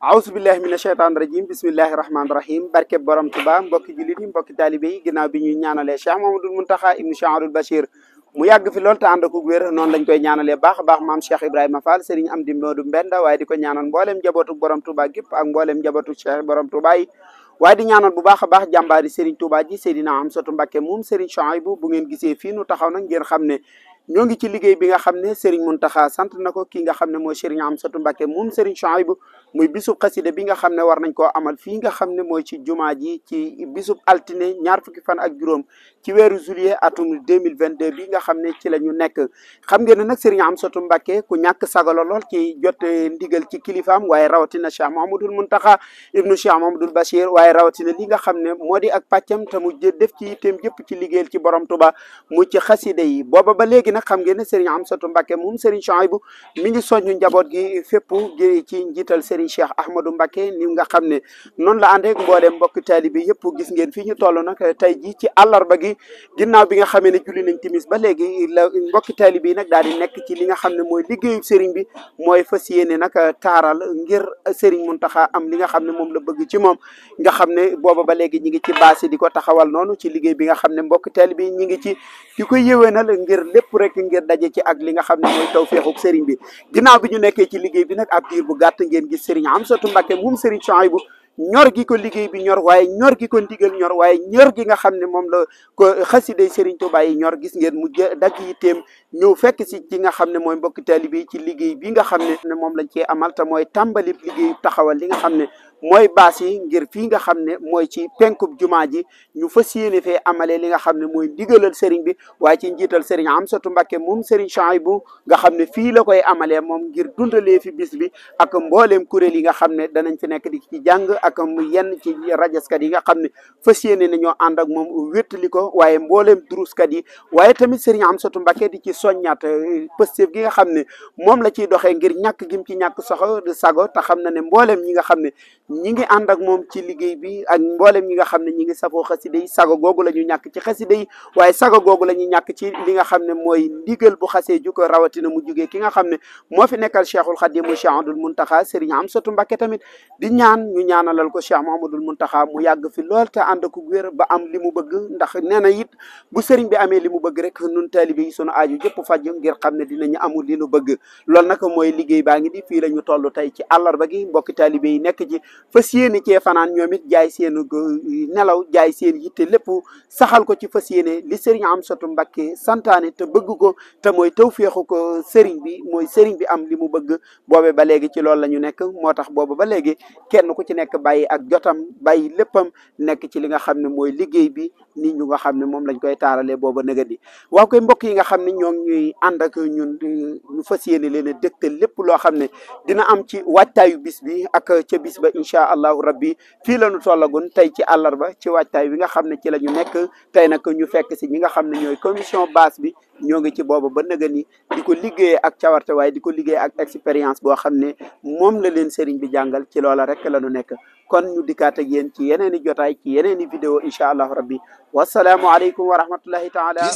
awsu billahi mina sheytaani rajim bismillahi rahmaani rahim barkeb borom tuba mbokki jullit yi mbokki taalibé yi ginnaaw bi ñuy ñaanalee cheikh mahamadul muntaxa ibnu chahrul bachir mu yàgg fi loolu te ànd akuk wér noonu lañ koy ñaanalee baax a baax maam cheikh ibrahima fall sëriñ am di moodu mbenda waaye di ko ñaanal mbooleem njabootuk borom tuba gépp ak mbooleem njabootuk cheikh borom tuba yi waaye di ñaanal bu baax a baax jàmbaari sëriñ tuba ji seydina amsatu mbakke moom sëriñ chouaïbou bu ngeen gisee fii nu taxaw nag ngeen xam ne ñoo ngi ci liggéey bi nga xam ne sëriñ muntaxa sant na ko kii nga xam ne mooy sëriñ amsatu mbakke moom sëriñ chouaïbou muy bisub xasida bi nga xam ne war nañ koo amal fii nga xam ne mooy ci jumaa ji ci bisub altine ñaar fukki fan ak juróom ci weeru juillet atum 2022 bi nga xam ne ci la ñu nekk xam ngeen ne nag Serigne Amsatou Mbacké ku ñàkk sagalo lool ci jot ndigal ci kilifaam waaye rawatina Cheikh Mahamadul Muntaxa ibnu Cheikh Mahamadul Bachir waaye rawatina li nga xam ne moo di ak pàccam te mu def ci yitteem yëpp ci liggéeyal ci borom Tuba mu ci xasida yi booba ba léegi nag xam ngeen ne Serigne Amsatou Mbacké moom Serigne Chouaïbou mi gi fépp ci njiital Serigne sëriñ Cheikh Ahmadou Mbacké ni nga xam ne noonu la ànd ak mbooleem mbokk taalibe gis ngeen fii ñu toll nag tey jii ci àllarba gi ginnaaw bi nga xamee ne julli nañ timis ba léegi la mbokk taalibe yi nag daal di nekk ci li nga xam ne mooy liggéeyu sëriñ bi mooy fas yéene nag taaral ngir sëriñ Muntaxa am li nga xam ne moom la bëgg ci moom nga xam ne booba ba léegi ñi ngi ci baasi di ko taxawal noonu ci liggéey bi nga xam ne mbokk taalibe yi ngi ci di ko yëwénal ngir lépp rek ngir daje ci ak li nga xam ne mooy tawfeexu sëriñ bi ginnaaw bi ñu nekkee ci liggéey bi ab diir bu gàtt ngeen gis soto Amsatou Mbacké moom Serigne Souhaïbou ñor gi ko liggéey bi ñor waaye ñor gi ko ndigal ñor waaye ñor gi nga xam ne moom la ko xaside Serigne Touba yi ñor gis ngeen mu dagg yi téem ñëw fekk si ci nga xam ne mooy mbokki taalibe yi ci liggéey bi nga xam ne moom lañ cee amal mooy tàmbali liggéey taxawal li nga xam ne mooy baas yi ngir fii nga xam ne mooy ci penkub jumaa ji ñu fas yéene fee amalee li nga xam ne mooy ndigalal sëriñ bi waaye ci njiital sëriñ Amsatu Mbàkke moom sëriñ Chouaïbou nga xam ne fii la koy amalee moom ngir dundalee fi bi ak mbooleem kuréel yi nga xam ne danañ fi nekk di ci jàng ak mu yenn ci rajaskat yi nga xam ne fas yéene nañoo ànd ak moom wéttali ko waaye mbooleem duruskat yi waaye tamit sëriñ Amsatu Mbàkke di ci soññaat eh, pëstéef gi nga xam ne moom la ciy doxee ngir ñàkk gim ci ñàkk soxo sago te xam na ne mbooleem ñi nga xam ne ñi ngi ànd ak moom ci liggéey bi ak mboolem ñi nga xam ne ñi ngi safoo xasida yi sago googu la ñu ñàkk ci xasida yi waaye sago googu la ñu ñàkk ci li nga xam ne mooy ndigal bu xasee ju ko rawatina mu jugee ki nga xam ne moo fi nekkal cheikhul xadim mu cheikh abdul muntaxa sëriñ amsatu mbàkke tamit di ñaan ñu ñaanalal ko cheikh mahamadul muntaxa mu yàgg fi lool te ànd ku wér ba am li mu bëgg ndax nee na it bu sëriñ bi amee li mu bëgg rek nun taalibe yi sunu aaju jëpp faj ngir xam ne dinañu amul li nu bëgg loolu nag mooy liggéey baa ngi di fii ñu toll tey ci àllarba gi mbokki taalibe yi nekk ci fas yéene cee fanaan ñoom it jaay seen nelaw jaay seen yitte lépp saxal ko ci fas yéene li sëriñ Amsatu Mbàkke santaane te bëgg ko te mooy tawféexu ko sëriñ bi mooy sëriñ bi am li mu bëgg boobe ba léegi ci loolu la ñu nekk moo tax boobu ba léegi kenn ku ci nekk bàyyi ak jotam bàyyi léppam nekk ci li nga xam ne mooy liggéey bi ni ñu nga xam ne moom lañ koy taaralee booba nëga di waaw koy yi nga xam ne ñoo ngi ñuy ànd ak ñun ñu fas yéene leen a dégtal lépp loo xam ne dina am incha allahu rabbi fii la ñu tollagun tey ci àllarba ci waajtaay wi nga xam ne ci la ñu nekk tey nag ñu fekk si ñi nga xam ne ñooy commission basse bi ñoo ngi ci boobu ba nëga ni di ko liggéeyee ak cawarte waaye di ko liggéey ak expérience boo xam ne moom la leen sëriñ bi jàngal ci loola rek la ñu nekk kon ñu dikkaat ak yéen ci yeneeni jotaay ci yeneeni vidéo incha allahu rabbi wasalaamu aleykum wa rahmatullahi taala wa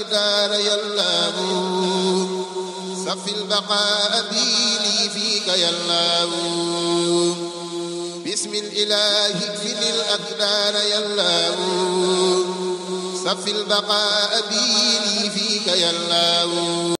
barakatuh سف البقاء بي لي فيك يلا بسم الإله اكفل الأكدار يلا سف البقاء بي لي فيك يلا